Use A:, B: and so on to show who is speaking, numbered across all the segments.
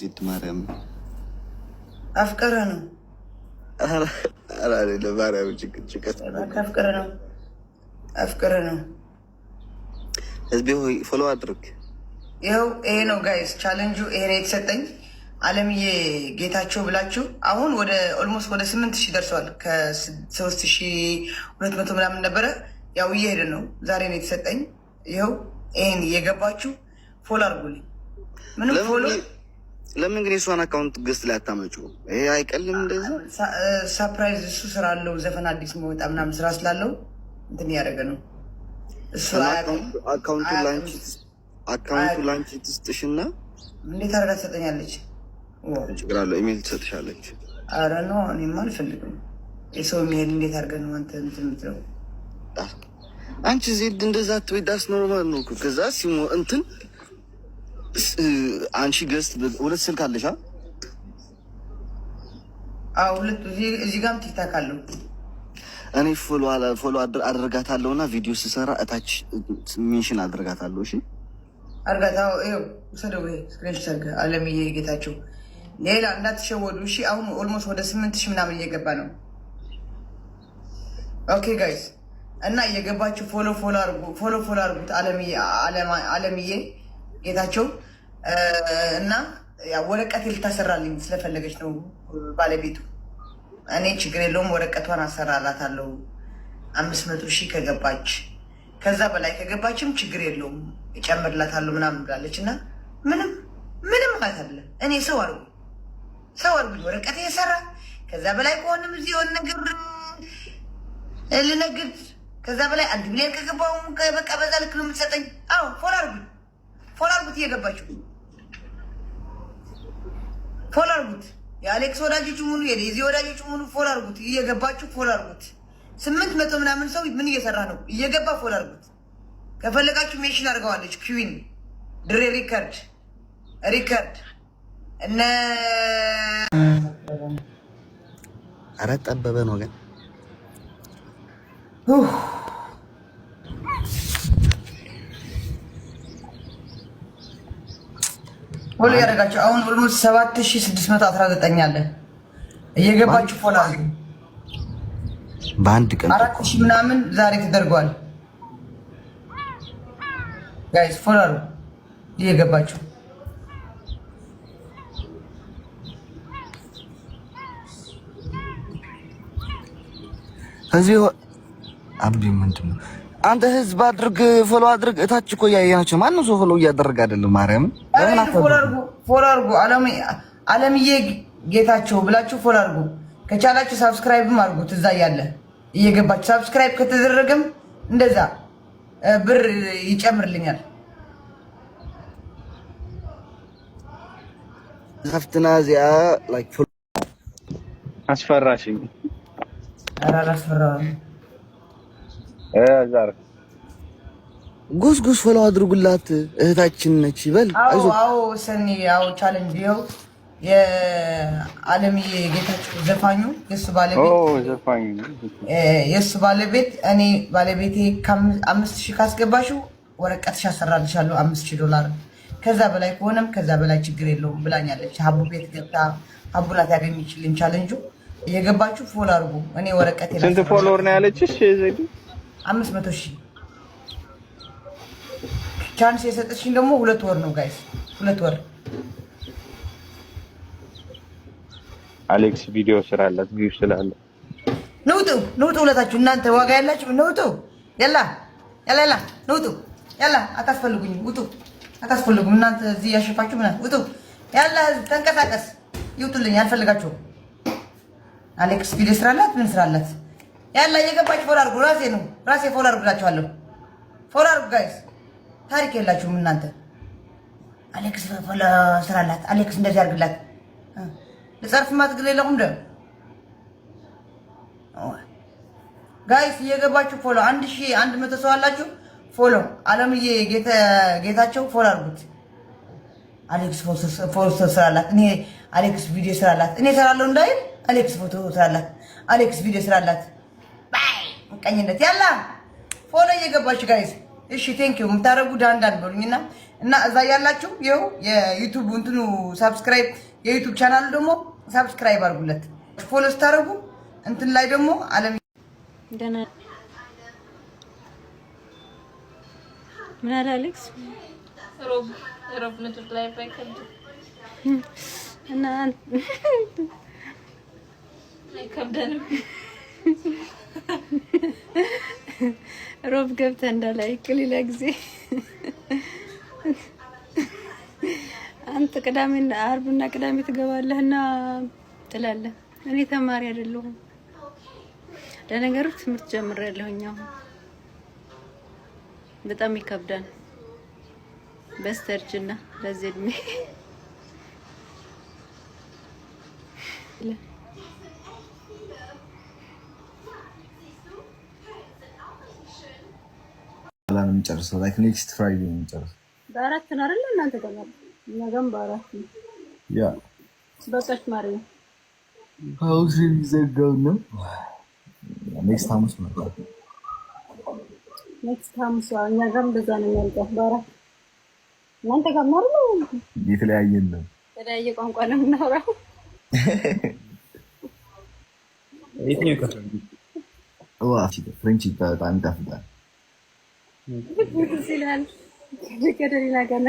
A: ዜድ ማርያም አፍቀረ ነው። ለማርያም ጭቅጭቀት
B: አፍቀረ ነው። አፍቀረ ነው።
A: ህዝቤ ሆይ ፎሎ አድርግ።
B: ይኸው ይሄ ነው ጋይስ፣ ቻለንጁ ይሄ ነው የተሰጠኝ። አለምዬ ጌታቸው ብላችሁ አሁን ወደ ኦልሞስት ወደ ስምንት ሺህ ደርሷል። ከሶስት ሺህ ሁለት መቶ ምናምን ነበረ። ያው እየሄደ ነው። ዛሬ ነው የተሰጠኝ። ይኸው ይሄን እየገባችሁ ፎሎ አድርጉልኝ። ምንም ፎሎ
A: ለምን ግን የእሷን አካውንት ገዝት ላይ አታመጩ? ይሄ አይቀልም። እንደዛ
B: ሰርፕራይዝ እሱ ስራ አለው። ዘፈን አዲስ መወጣ ምናምን ስራ ስላለው እንትን ያደረገ ነው።
A: አካውንቱ ላንቺ ትስጥሽና
B: እንዴት አድርጋ ትሰጠኛለች?
A: ችግር አለው። ኢሜል ትሰጥሻለች።
B: አረ ነው እኔማ አልፈልግም። የሰው ሚሄድ እንዴት አድርገ ነው አንተ እንትን የምትለው?
A: አንቺ ዜድ እንደዛ ትቤዳስ ኖርማል ነው። ከዛ ሲሞ እንትን አንቺ ገስት ሁለት ስልክ አለሽ? ሁለት እዚህ እኔ ፎሎ አደርጋታለሁ እና ቪዲዮ ስሰራ እታች ሚንሽን አደርጋታለሁ። እሺ
B: ሰደው አለምዬ ጌታቸው ሌላ እንዳትሸወዱ። እሺ አሁን ኦልሞስት ወደ ስምንት ሺህ ምናምን እየገባ ነው። ኦኬ ጋይስ እና እየገባችሁ ፎሎ ፎሎ አርጉት አለምዬ ጌታቸው እና ወረቀት ልታሰራልኝ ስለፈለገች ነው ባለቤቱ። እኔ ችግር የለውም ወረቀቷን አሰራላታለሁ አምስት መቶ ሺህ ከገባች ከዛ በላይ ከገባችም ችግር የለውም እጨምርላታለሁ ምናምን ብላለች። እና ምንም ምንም ማለት አለ እኔ ሰው አድርጉ ሰው አድርጉ ወረቀት የሰራ ከዛ በላይ ከሆንም እዚህ የሆነ ነገር ልነግድ ከዛ በላይ አንድ ሚሊዮን ከገባሁም በቃ በዛ ልክ ነው የምትሰጠኝ። አዎ ፎሎ አድርጉ ፎሎ አድርጉት እየገባችሁ ፎሎ አርጉት። የአሌክስ ወዳጆች ሙሉ የዴዚ ወዳጆች ሙሉ ፎሎ አርጉት። እየገባችሁ ፎሎ አርጉት። ስምንት መቶ ምናምን ሰው ምን እየሰራ ነው? እየገባ ፎሎ አርጉት። ከፈለጋችሁ ሜሽን አድርገዋለች ኩዊን ድሬ ሪከርድ ሪከርድ እነ
A: አረ ጠበበን ወገን
B: ፎሎ ያደረጋችሁ አሁን ሁሉ 7619 አለ። እየገባችሁ ፎላ በአንድ ቀን አራት ሺህ ምናምን ዛሬ ተደርጓል። ጋይስ ፎላ እየገባችሁ
A: እዚህ አብዲ ምንድን ነው አንተ ህዝብ አድርግ ፎሎ አድርግ። እታች እኮ ያያቸው ማንም ሰው ፎሎ እያደረገ አይደለም። ማርያም
B: ፎሎ አድርጉ፣ አለምዬ ጌታቸው ብላችሁ ፎሎ አድርጉ። ከቻላችሁ ሳብስክራይብም አድርጉት። እዛ ያለ እየገባችሁ ሳብስክራይብ ከተደረገም እንደዛ ብር ይጨምርልኛል።
A: ዛፍትና እዚያ
C: አስፈራሽኝ።
B: ኧረ አላስፈራሁም
A: ጎስጎስ ፈሎ አድርጉላት እህታችን ነች። ይበል
B: አዎ፣ አዎ ሰኒ አዎ፣ ቻሌንጅ ይኸው የአለምዬ ጌታቸው ዘፋኙ የእሱ ባለቤት የእሱ ባለቤት እኔ ባለቤቴ አምስት ሺህ ካስገባሽው ወረቀትሽ አሰራልሻለሁ አምስት ሺህ ዶላር ከዛ በላይ ከሆነም ከዛ በላይ ችግር የለውም ብላኛለች። ሀቡ ቤት ገብታ ሀቡ ናት ያገኘችልን ቻለንጁ። እየገባችሁ ፎሎ አድርጉ። እኔ ወረቀት
C: ስንት ፎሎወር ነው ያለችሽ?
B: አምስት መቶ ሺህ ቻንስ የሰጠችኝ ደግሞ ሁለት ወር ነው ጋይስ፣ ሁለት ወር
C: አሌክስ ቪዲዮ ስራ ቪው ስላለ
B: ንውጡ፣ ንውጡ፣ ሁለታችሁ እናንተ ዋጋ ያላችሁ ንውጡ። ያላ ያላ ያላ ንውጡ፣ ያላ አታስፈልጉኝም፣ ውጡ፣ አታስፈልጉም እናንተ እዚህ ያሸፋችሁ ምናምን ውጡ። ያላ ተንቀሳቀስ፣ ይውጡልኝ፣ አልፈልጋችሁም። አሌክስ ቪዲዮ ስራ አላት ምን ስራ አላት? ያላ የገባች ፎሎ አድርጉ። ራሴ ነው ራሴ ፎሎ አድርጉላችኋለሁ። ፎሎ አድርጉ ጋይስ። ታሪክ የላችሁም እናንተ። አሌክስ ፎሎ ስራላት፣ አሌክስ እንደዚህ አድርግላት። ልጸርፍ ማትግል የለኩም ደ ጋይስ እየገባችሁ ፎሎ አንድ ሺ አንድ መቶ ሰው አላችሁ። ፎሎ አለምዬ ጌታቸው ፎሎ አድርጉት። አሌክስ ፎቶ ስራላት፣ እኔ አሌክስ ቪዲዮ ስራላት፣ እኔ እሰራለሁ እንዳይል አሌክስ ፎቶ ስራላት፣ አሌክስ ቪዲዮ ስራላት። ቀኝነት ያላ ፎሎ እየገባችሁ ጋይስ እሺ ቴንኪዩ የምታደርጉ ዳንዳን በሉኝና እና እዛ ያላችሁ ይኸው የዩቱብ እንትኑ ሳብስክራይብ የዩቱብ ቻናሉ ደግሞ ሳብስክራይብ አድርጉለት። ፎሎ ስታደርጉ እንትን ላይ ደግሞ አለም
D: ምን አለ አሌክስ እና ሮብ ገብተ እንዳላይክ ሌላ ጊዜ አንተ ቅዳሜና አርብና ቅዳሜ ትገባለህና ጥላለህ። እኔ ተማሪ አይደለሁም። ለነገሩ ትምህርት ጀምር አሁን በጣም ይከብዳል። በስተርጅና ለዚህ እድሜ
A: የምንጨርሰው ላይክ ኔክስት ፍራይዴ ነው የምንጨርሰው።
E: በአራት ነው አይደለ? እናንተ ደግሞ እኛ ጋርም በአራት ያ በቃሽ ማሪ
A: ሀውስ የሚዘጋው ነው። ኔክስት ሐሙስ ነው።
E: ኔክስት ሐሙስ እኛ በዛ ነው የሚያልቀው በአራት እናንተ ጋር ማሪ ነው።
A: የተለያየ ነው፣
E: የተለያየ ቋንቋ ነው የምናወራው።
A: ፍሬንች በጣም ይጣፍጣል።
E: ትዝ ይላል ከደሊና ጋር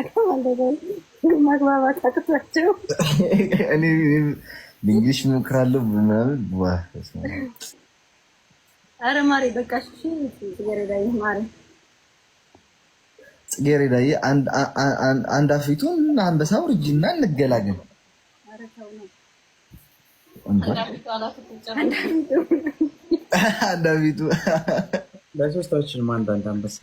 E: ማግባባት አቅቷቸው
A: እንግሊሽ እሞክራለሁ ምናምን።
E: ኧረ ማሬ በቃ ጽጌረዳዬ ማሬ
A: ጽጌረዳዬ አንድ አፍሪቱን አንበሳ ውርጅና እንገላገል። አንድ አፍሪቱ
C: ለሶስታችን ማንዳንድ አንበሳ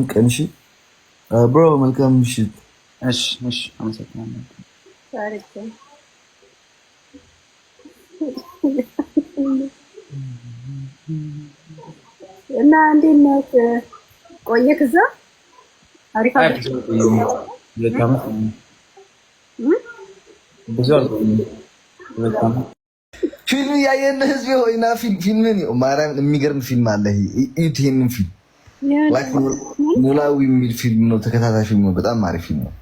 A: መልካም ቀን። እሺ ብሮ፣ መልካም ምሽት። እሺ፣ እሺ፣ አመሰግናለሁ።
E: እና እንዴት ነህ? ቆየህ? እዛ አሪፍ አሪፍ
A: ፊልም እያየን ህዝብ ሆይና ፊልምን ማርያምን የሚገርም ፊልም አለ። ይህንን ፊልም ኖላዊ የሚል ፊልም ነው፣ ተከታታይ ፊልም ነው። በጣም አሪፍ ፊልም ነው።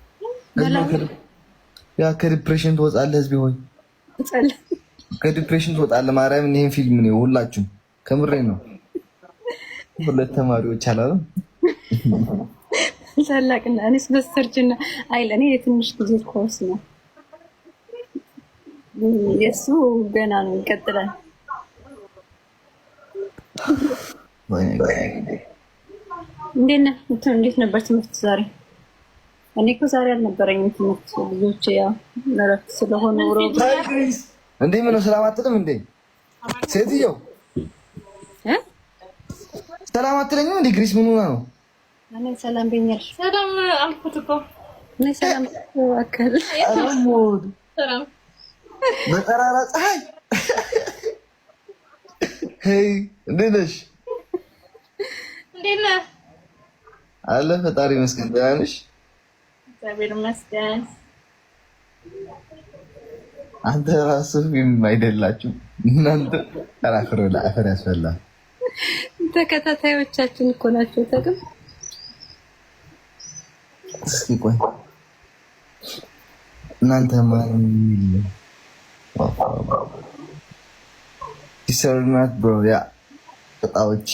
A: ያ ከዲፕሬሽን ትወጣለህ፣ ህዝቤ ሆይ ከዲፕሬሽን ትወጣለህ። ማርያምን ይህን ፊልም ነው ሁላችሁም፣ ከምሬ ነው። ሁለት ተማሪዎች አላለ
E: ታላቅና እኔስ በስተርጅና አይለ እኔ የትንሽ ጊዜ ኮርስ ነው የእሱ ገና ነው፣ ይቀጥላል። እንዴት ነበር ትምህርት ዛሬ? እኔ እኮ ዛሬ አልነበረኝም ትምህርት። ልጆች ያው እረፍት ስለሆነ ሮ
A: እንዴ ምነው ሰላም አትልም እንዴ ሴትየው? ሰላም አትለኝም እንዴ ግሪስ? ምን ሆና ነው?
D: እኔ ሰላም በኛል።
F: ሰላም አልኩት እኮ
D: እኔ ሰላም አከል
A: አልሞድ በጠራራ ፀሐይ ሄይ እንዴት ነሽ? እንዴት ነህ? አለ ፈጣሪ መስገን ዳንሽ
F: እግዚአብሔር መስገን።
A: አንተ ራስህ ምንም አይደላችሁ እናንተ ተራክሮ ለአፈር ያስፈላል።
E: ተከታታዮቻችን እኮ ናቸው። ተቀም
A: እስኪ ቆይ እናንተ ማን ዲሰርናት ብሮ ያ ጣዎች